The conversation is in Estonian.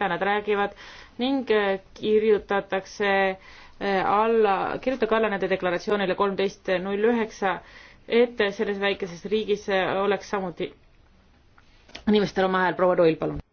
mida nad räägivad ning äh, kirjutatakse äh, alla, kirjutage alla nende deklaratsioonile kolmteist null üheksa, et selles väikeses riigis äh, oleks samuti inimestel omavahel, proua Ruil, palun.